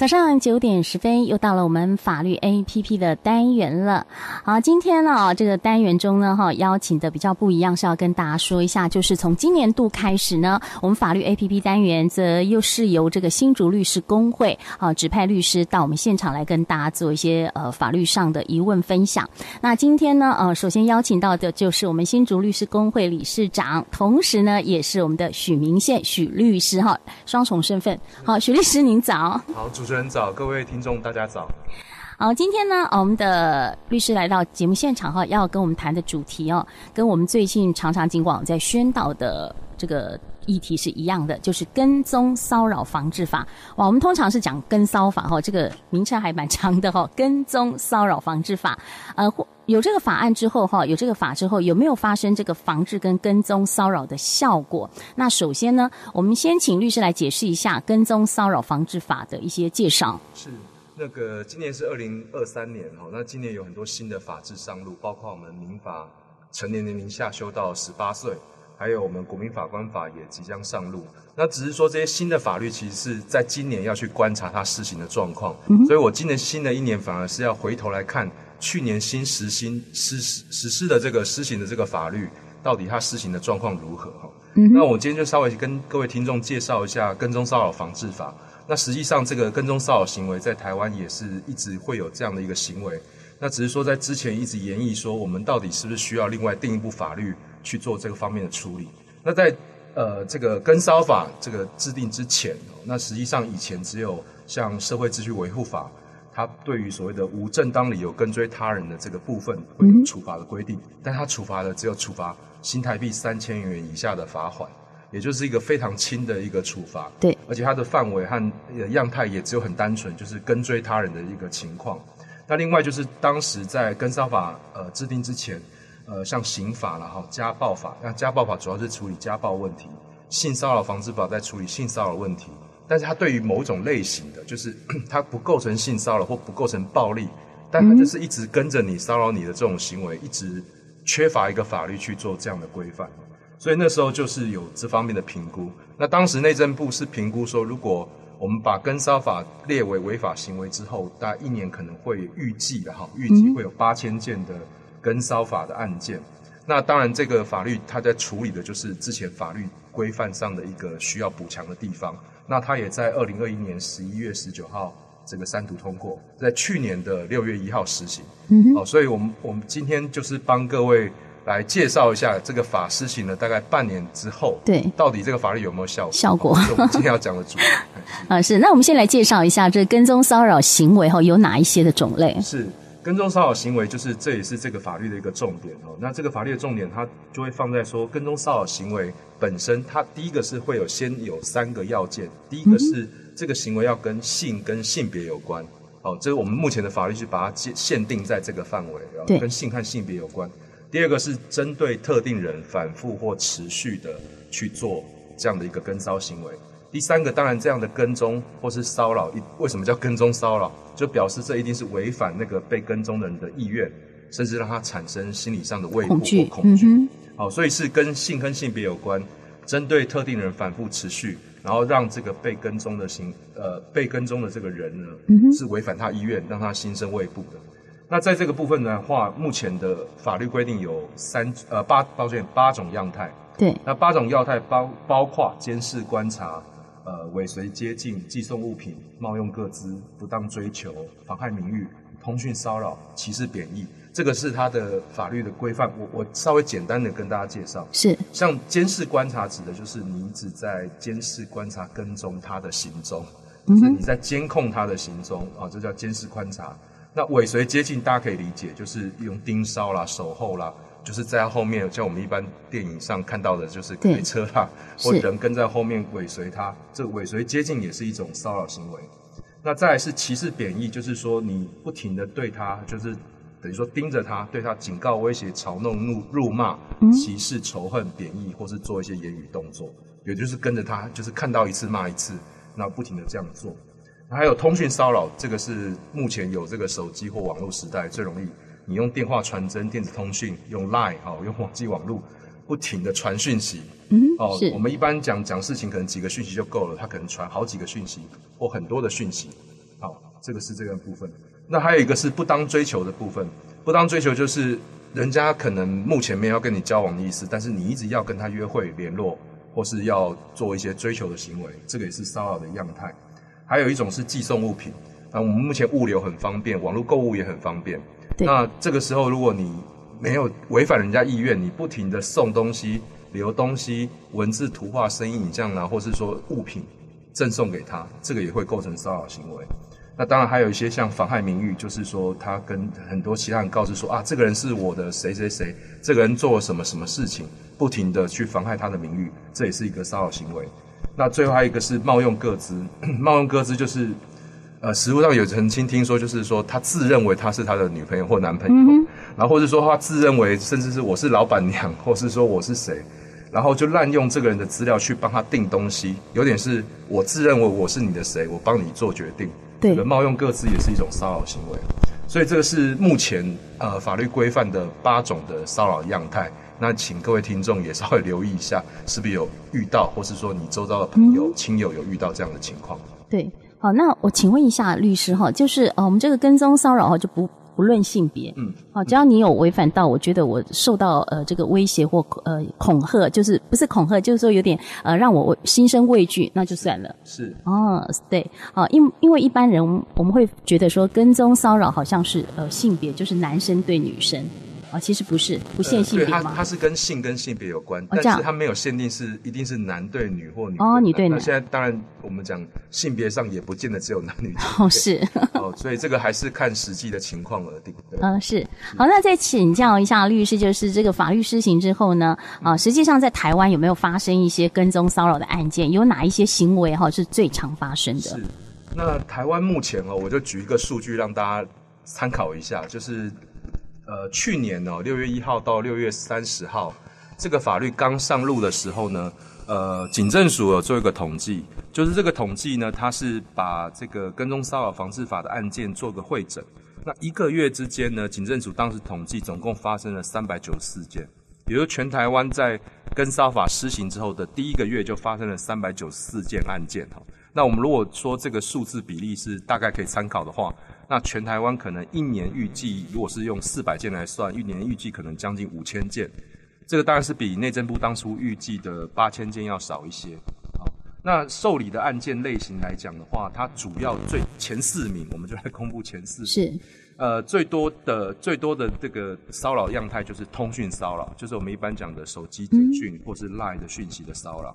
早上九點十分，又到了我們法律 A P P 的單元了。好，今天呢，這個單元中呢，哈，邀請的比較不一樣，是要跟大家說一下，就是從今年度開始呢，我們法律 A P P 單元則又是由這個新竹律師公會啊，呃、指派律師到我們現場來跟大家做一些呃法律上的疑問分享。那今天呢，呃，首先邀請到的就是我們新竹律師公會理事長，同時呢，也是我們的許民憲許律師哈，哦，雙重身份。好，許律師，您早。好，主持主持人早，各位聽眾大家早。好，今天呢、哦，我們的律師來到節目現場哈，要跟我們談的主題哦，跟我們最近常常警廣在宣導的這個。議題是一樣的，就是跟蹤騷擾防治法。哇，我們通常是講跟騷法哈，這個名稱還蠻長的哈。跟蹤騷擾防治法，呃，有這個法案之後哈，有這個法之後，有沒有發生這個防治跟跟蹤騷擾的效果？那首先呢，我們先請律師來解釋一下跟蹤騷擾防治法的一些介紹。是，那個今年是二零二三年哈，那今年有很多新的法制上路，包括我們民法成年年齡下修到十八歲。還有我們《國民法官法》也即將上路，那只是說這些新的法律其實是在今年要去觀察它施行的狀況，所以我今年新的一年反而是要回頭來看去年新實行實施實施的這個施行的這個法律，到底它施行的狀況如何哈？那我今天就稍微跟各位聽眾介紹一下《跟蹤騷擾防治法》。那實際上這個跟蹤騷擾行為在台灣也是一直會有這樣的一個行為，那只是說在之前一直研議說我們到底是不是需要另外定一部法律。去做這個方面的處理。那在呃這個跟騷法這個制定之前，那實際上以前只有像社會秩序維護法，它對於所謂的無正當理由跟追他人的這個部分會有處罰的規定，但它處罰的只有處罰新台幣三千元以下的罰款，也就是一個非常輕的一個處罰。對，而且它的範圍和樣態也只有很單純，就是跟追他人的一個情況。那另外就是當時在跟騷法呃制定之前。呃，像刑法了哈，家暴法，那家暴法主要是處理家暴問題，性騷擾防治法在處理性騷擾問題，但是它對於某種類型的，就是它不構成性騷擾或不構成暴力，但它就是一直跟着你騷擾你的這種行為，一直缺乏一個法律去做這樣的規範，所以那時候就是有這方面的評估。那當時內政部是評估說，如果我們把跟騷法列為違法行為之後，大概一年可能會預計的哈，預計會有八千件的。跟騷法的案件，那當然這個法律它在處理的就是之前法律規範上的一個需要補強的地方。那它也在二零二一年十一月十九號這個三讀通過，在去年的六月一號施行。嗯，好、哦，所以我們我們今天就是幫各位來介紹一下這個法施行了大概半年之後，對，到底這個法律有沒有效果？效果、哦、我們今天要講的主題、 哎、是啊。是，那我們先來介紹一下這跟蹤騷擾行為後有哪一些的種類？是。跟蹤騷擾行為就是，這也是這個法律的一個重點哦。那這個法律的重點，它就會放在說跟蹤騷擾行為本身。它第一個是會有先有三個要件，第一個是這個行為要跟性跟性別有關，哦，這是我們目前的法律是把它限限定在這個範圍，然後跟性和性別有關。第二個是針對特定人反復或持續的去做這樣的一個跟騷行為。第三個當然，這樣的跟蹤或是騷擾，一為什麼叫跟蹤騷擾？就表示這一定是違反那個被跟蹤的人的意願，甚至讓他產生心理上的畏懼恐懼，恐懼、嗯哼。好，所以是跟性跟性別有關，針對特定人反覆持續，然後讓這個被跟蹤的行，呃被跟蹤的這個人呢、嗯，是違反他意願，讓他心生畏怖的。那在這個部分的話，目前的法律規定有三呃八抱歉八種樣態。對，那八種樣態包包括監視觀察。呃，尾隨接近、寄送物品、冒用個資、不當追求、妨害名譽、通訊騷擾、歧視貶義，這個是它的法律的規範。我我稍微簡單的跟大家介紹，是像監視觀察指的就是你只在監視觀察跟蹤他的行蹤，嗯，就是、你在監控他的行蹤啊，這叫監視觀察。那尾隨接近，大家可以理解，就是用盯梢啦、守候啦。就是在他後面，像我們一般電影上看到的，就是開車啦，或人跟在後面尾隨他，這尾隨接近也是一種騷擾行為。那再來是歧視貶抑，就是說你不停的對他，就是等於說盯着他，對他警告、威脅、嘲弄怒、怒辱罵、嗯、歧視、仇恨、貶抑，或是做一些言語動作，也就是跟着他，就是看到一次罵一次，那不停的這樣做。還有通訊騷擾，這個是目前有這個手機或網絡時代最容易。你用電話傳真、電子通訊，用 Line 哈、哦，用網際網絡，不停地傳訊息。哦，嗯、我們一般講講事情，可能幾個訊息就夠了，他可能傳好幾個訊息或很多的訊息。好、哦，這個是這個部分。那還有一個是不當追求的部分，不當追求就是人家可能目前沒有跟你交往的意思，但是你一直要跟他約會聯絡，或是要做一些追求的行為，這個也是騷擾的樣態。還有一種是寄送物品。那、啊、我們目前物流很方便，網絡購物也很方便。那這個時候，如果你沒有違反人家意願，你不停的送東西、留東西、文字、圖畫、聲音、你這樣啊，或是說物品贈送給他，這個也會構成騷擾行為。那當然還有一些像妨害名譽，就是說他跟很多其他人告知說啊，這個人是我的誰誰誰，這個人做了什麼什麼事情，不停的去妨害他的名譽，這也是一個騷擾行為。那最後還有一個是冒用個資，冒用個資就是。呃，實務上有曾經聽說，就是說他自認為他是他的女朋友或男朋友，嗯，然後或者說他自認為甚至是我是老闆娘，或是說我是誰，然後就濫用這個人的資料去幫他訂東西，有點是我自認為我是你的誰，我幫你做決定，對，人冒用個資也是一種騷擾行為，所以這個是目前呃法律規範的八種的騷擾樣態，那請各位聽眾也稍微留意一下，是不是有遇到，或是說你周遭的朋友，嗯、親友有遇到這樣的情況？對。好，那我請問一下律師哈，就是呃，我們這個跟蹤騷擾哈，就不不論性別，嗯，好，只要你有違反到，我覺得我受到呃這個威脅或呃恐嚇，就是不是恐嚇，就是說有點呃讓我心生畏懼，那就算了。是。哦，對，好，因因為一般人我們我們會覺得說跟蹤騷擾好像是呃性別，就是男生對女生。啊、哦，其實不是不限性別它、呃、對，他他是跟性跟性別有關、哦，但是他沒有限定是一定是男對女或女哦，女對男。那現在當然我們講性別上也不見得只有男女哦，是哦，所以這個還是看實際的情況而定。嗯、哦，是，是好，那再請教一下律師，就是這個法律施行之後呢，啊、呃，實際上在台灣有沒有發生一些跟蹤騷擾的案件？有哪一些行為哈是最常發生的？是。那台灣目前哦，我就舉一個數據讓大家參考一下，就是。呃，去年哦，六月一號到六月三十號，這個法律剛上路的時候呢，呃，警政署有做一個統計，就是這個統計呢，它是把這個跟蹤騷擾防治法的案件做個會診。那一個月之間呢，警政署當時統計總共發生了三百九十四件，比如全台灣在跟騷法施行之後的第一個月就發生了三百九十四件案件。哈，那我們如果說這個數字比例是大概可以參考的話。那全台灣可能一年預計，如果是用四百件來算，一年預計可能將近五千件。這個當然是比內政部當初預計的八千件要少一些。好，那受理的案件類型來講的話，它主要最前四名，我們就來公布前四名。是，呃，最多的最多的這個騷擾樣態就是通訊騷擾，就是我們一般講的手機簡訊或是 LINE 的訊息的騷擾。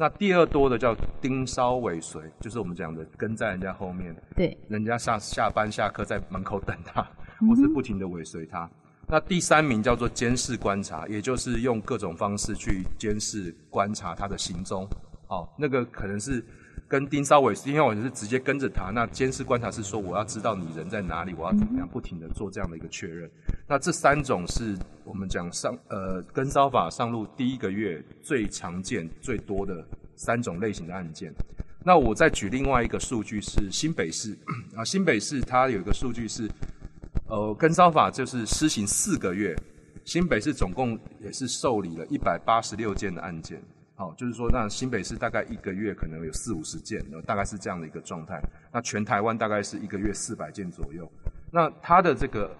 那第二多的叫盯梢尾隨，就是我們講的跟在人家後面，對，人家上下班、下課在門口等他，嗯、我是不停的尾隨他。那第三名叫做監視觀察，也就是用各種方式去監視觀察他的行蹤。好、哦，那個可能是。跟盯梢尾隨，盯梢尾隨是直接跟着他。那監視觀察是說，我要知道你人在哪裡，我要怎麼樣，不停地做這樣的一個確認。嗯。那這三種是我們講上，呃，跟騷法上路第一個月最常見最多的三種類型的案件。那我再舉另外一個數據是新北市，啊， 新北市它有一個數據是，呃，跟騷法就是施行四個月，新北市總共也是受理了一百八十六件的案件。好，就是說，那新北市大概一個月可能有四五十件，然後大概是這樣的一個狀態。那全台灣大概是一個月四百件左右。那它的這個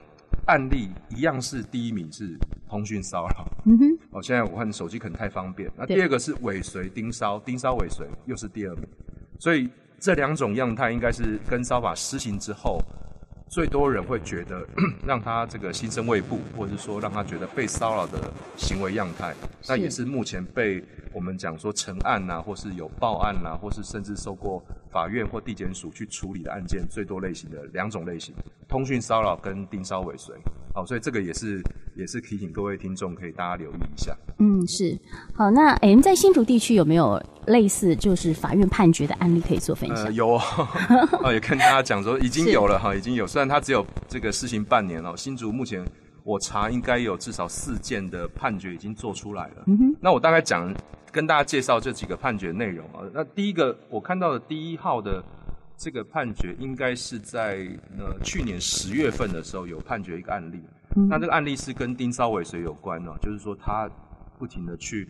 案例一樣是第一名是通訊騷擾，嗯哼。哦，現在我看手機可能太方便。那第二個是尾隨盯梢，盯梢尾隨又是第二名。所以這兩種樣態應該是跟騷法施行之後。最多人會覺得讓他這個心生畏怖，或者是說讓他覺得被騷擾的行為樣態，那也是目前被我們講說成案吶、啊，或是有報案吶、啊，或是甚至受過法院或地檢署去處理的案件最多類型的兩種類型：通訊騷擾跟盯梢尾隨。好，所以這個也是。也是提醒各位聽眾，可以大家留意一下。嗯，是。好，那 M 在新竹地區有沒有類似就是法院判決的案例可以做分享？呃、有，哦， 也跟大家講說，已經有了哈，已經有。雖然它只有這個施行半年了，新竹目前我查應該有至少四件的判決已經做出來了。嗯哼。那我大概講，跟大家介紹這幾個判決內容啊。那第一個我看到的第一號的。這個判決應該是在呃去年十月份的時候有判決一個案例，嗯、那這個案例是跟盯梢尾隨有關哦、啊，就是說他不停的去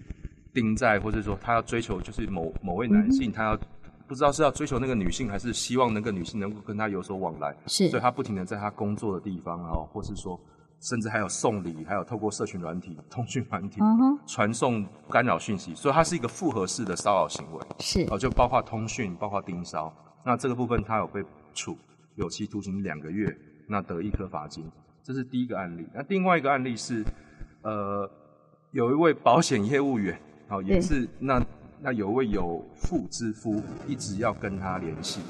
盯在，或者說他要追求，就是某某位男性，他要不知道是要追求那個女性，還是希望那個女性能夠跟他有所往來，是，所以他不停的在他工作的地方、啊，然後或是說，甚至還有送禮，還有透過社群軟體、通訊軟體、嗯、傳送干擾訊息，所以它是一個複合式的騷擾行為，是，哦、呃，就包括通訊，包括盯梢。那這個部分他有被處有期徒刑兩個月，那得易科罰金，這是第一個案例。那另外一個案例是，呃，有一位保險業務員，好、哦，也是那那有一位有婦之夫，一直要跟他聯繫、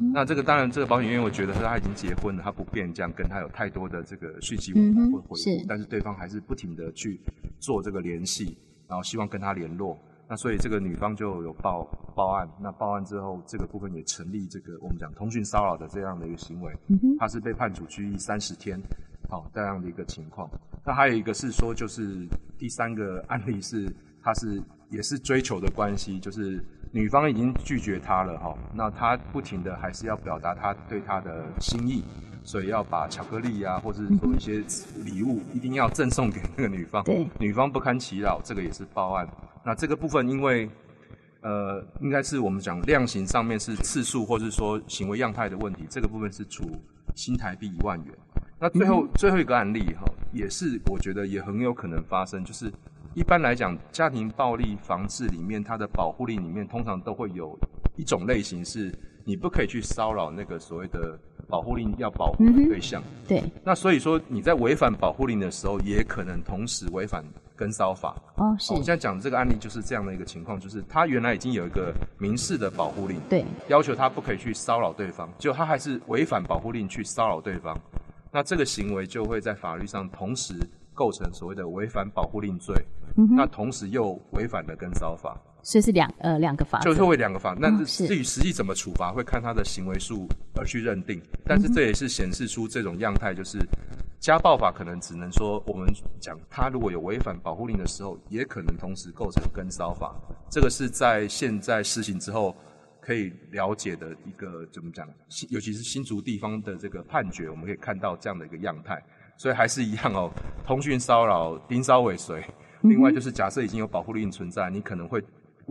嗯。那這個當然，這個保險業務員我覺得他他已經結婚了，他不便這樣跟他有太多的這個訊息會回覆、嗯。但是對方還是不停的去做這個聯繫，然後希望跟他聯絡。那所以這個女方就有報報案，那報案之後，這個部分也成立這個我們講通訊騷擾的這樣的一個行為，他是被判處拘役三十天，好、哦、這樣的一個情況。那還有一個是說，就是第三個案例是他是也是追求的關係，就是女方已經拒絕他了哈、哦，那他不停的還是要表達他對他的心意，所以要把巧克力啊，或是做一些禮物，一定要贈送給那個女方，女方不堪其擾，這個也是報案。那這個部分，因為，呃，應該是我們講量刑上面是次數，或是說行為樣態的問題。這個部分是處新台幣一萬元。那最後最後一個案例，哈，也是我覺得也很有可能發生，就是一般來講家庭暴力防治裡面它的保護令裡面，通常都會有一種類型是，你不可以去騷擾那個所謂的保護令要保護的對象。對。那所以說你在違反保護令的時候，也可能同時違反。跟騷法哦，是。哦、我們現在講的這個案例就是這樣的一個情況，就是他原來已經有一個民事的保護令，對，要求他不可以去騷擾對方，就他還是違反保護令去騷擾對方，那這個行為就會在法律上同時構成所謂的違反保護令罪、嗯哼，那同時又違反了跟騷法，所以是兩呃兩個法，就會兩個法，那至於實際怎麼處罰、嗯、會看他的行為數而去認定，但是這也是顯示出這種樣態就是。嗯家暴法可能只能說，我們講他如果有違反保護令的時候，也可能同時構成跟騷法，這個是在現在施行之後可以了解的一個怎麼講，尤其是新竹地方的這個判決，我們可以看到這樣的一個樣態，所以還是一樣哦，通訊騷擾、盯梢尾隨，另外就是假設已經有保護令存在，你可能會。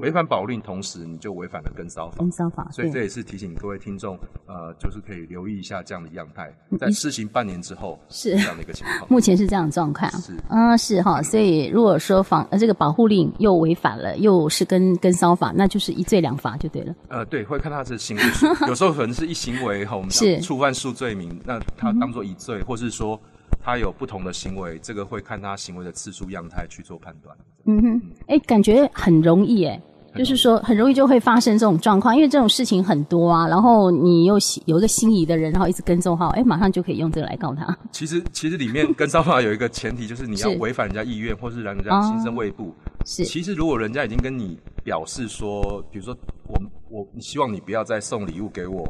違反保護令，同時你就違反了跟騷法，跟騷法。所以這也是提醒各位聽眾，呃，就是可以留意一下這樣的樣態。在施行半年之後，是這樣的一個情況，目前是這樣狀況。嗯，是哈、啊，所以如果說防呃這個保護令又違反了，又是跟跟騷法，那就是一罪兩罰就對了。呃，對，會看他是行為數， 有時候可能是一行為哈、哦，我們是觸犯數罪、罪名，那他當作一罪，嗯、或是說。他有不同的行為，這個會看他行為的次數、樣態去做判斷。嗯哼，哎、嗯欸，感覺很容易哎、欸，就是說很容易就會發生這種狀況，因為這種事情很多啊。然後你又有一個心儀的人，然後一直跟蹤他，哎、欸，馬上就可以用這個來告他。其實其實裡面跟騷法有一個前提， 就是你要違反人家意願或是讓人，人家心生畏怖。是，其實如果人家已經跟你表示說，比如說我我希望你不要再送禮物給我，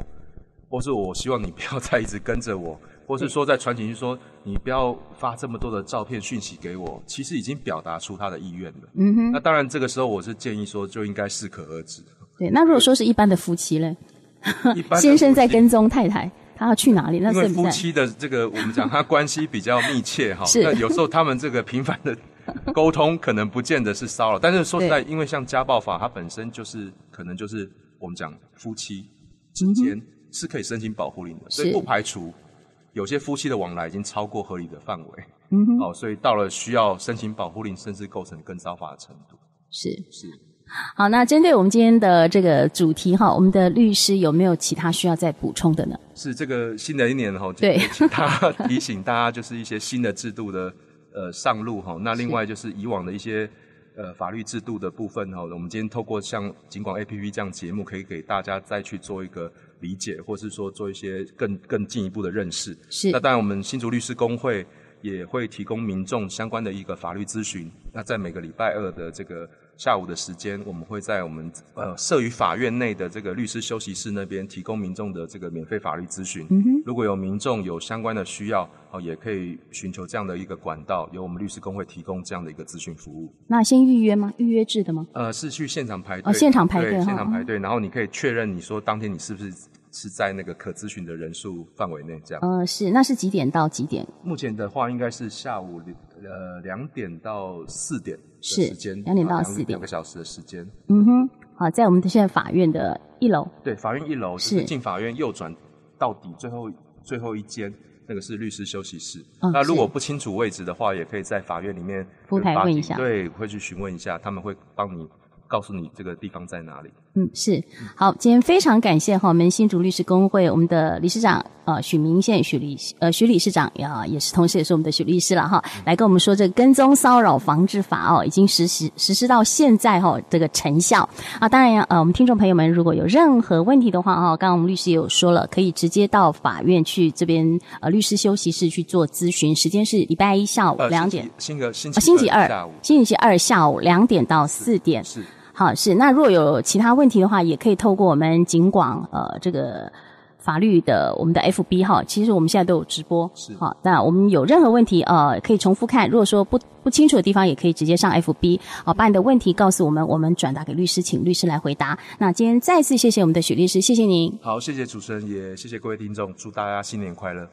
或是我希望你不要再一直跟着我。或是說在傳情說，就說你不要發這麼多的照片訊息給我，其實已經表達出他的意願了。嗯哼。那當然，這個時候我是建議說就應該適可而止，對。對，那如果說是一般的夫妻嘞，先生在跟蹤太太，他要去哪裡？那是因為夫妻的這個 我們講他關係比較密切哈、哦，那有時候他們這個頻繁的溝通，可能不見得是騷擾。 但是說實在，因為像家暴法，它本身就是可能就是我們講夫妻之間、嗯、是可以申請保護令的，所以不排除。有些夫妻的往來已經超過合理的範圍，嗯哦，所以到了需要申請保護令，甚至構成跟騷法的程度，是是。好，那針對我們今天的這個主題哈，我們的律師有沒有其他需要再補充的呢？是這個新的一年哈，哦、對，他提醒大家就是一些新的制度的呃上路哈、哦。那另外就是以往的一些呃法律制度的部分哈、哦，我們今天透過像警廣 APP 這樣節目，可以給大家再去做一個。理解，或是說做一些更更進一步的認識。是，那當然我們新竹律師公會也會提供民眾相關的一個法律諮詢。那在每個禮拜二的這個。下午的時間，我們會在我們呃設於法院內的這個律師休息室那邊提供民眾的這個免費法律諮詢。嗯、如果有民眾有相關的需要，哦、呃，也可以尋求這樣的一個管道，由我們律師公會提供這樣的一個諮詢服務。那先預約嗎？預約制的嗎？呃，是去現場排隊。哦、現場排隊、嗯，現場排隊。然後你可以確認，你說當天你是不是是在那個可諮詢的人數範圍內？這樣。嗯、呃，是。那是幾點到幾點？目前的話，應該是下午呃，兩點到四點的時間，兩點到四點兩、啊、個小時的時間。嗯哼，好，在我們的現在法院的一樓。對，法院一樓是進、就是、法院右轉到底最，最後最後一間那個是律師休息室、嗯。那如果不清楚位置的話，也可以在法院裡面，櫃台問一下。對，會去詢問一下，他們會幫你告訴你這個地方在哪裡。嗯，是好，今天非常感謝哈，我們新竹律師公會我們的理事長呃許民憲許律呃許理事長呀、呃，也是同時也是我們的許律師了哈，來跟我們說這個跟蹤騷擾防治法哦，已經實施實施到現在哈，這個成效啊，當然呃，我們聽眾朋友們如果有任何問題的話哈，剛剛我們律師也有說了，可以直接到法院去這邊呃律師休息室去做諮詢，時間是禮拜一下午兩點，星期二,、哦、星期二下午，星期二下午兩點到四點。是是好是，那如果有其他問題的話，也可以透過我們警廣呃，這個法律的我們的 FB 哈，其實我們現在都有直播。是。好，那我們有任何問題呃可以重複看，如果說不不清楚的地方，也可以直接上 FB，好，把你的問題告訴我們，我們轉達給律師，請律師來回答。那今天再次謝謝我們的許律師，謝謝您。好，謝謝主持人，也謝謝各位聽眾，祝大家新年快樂。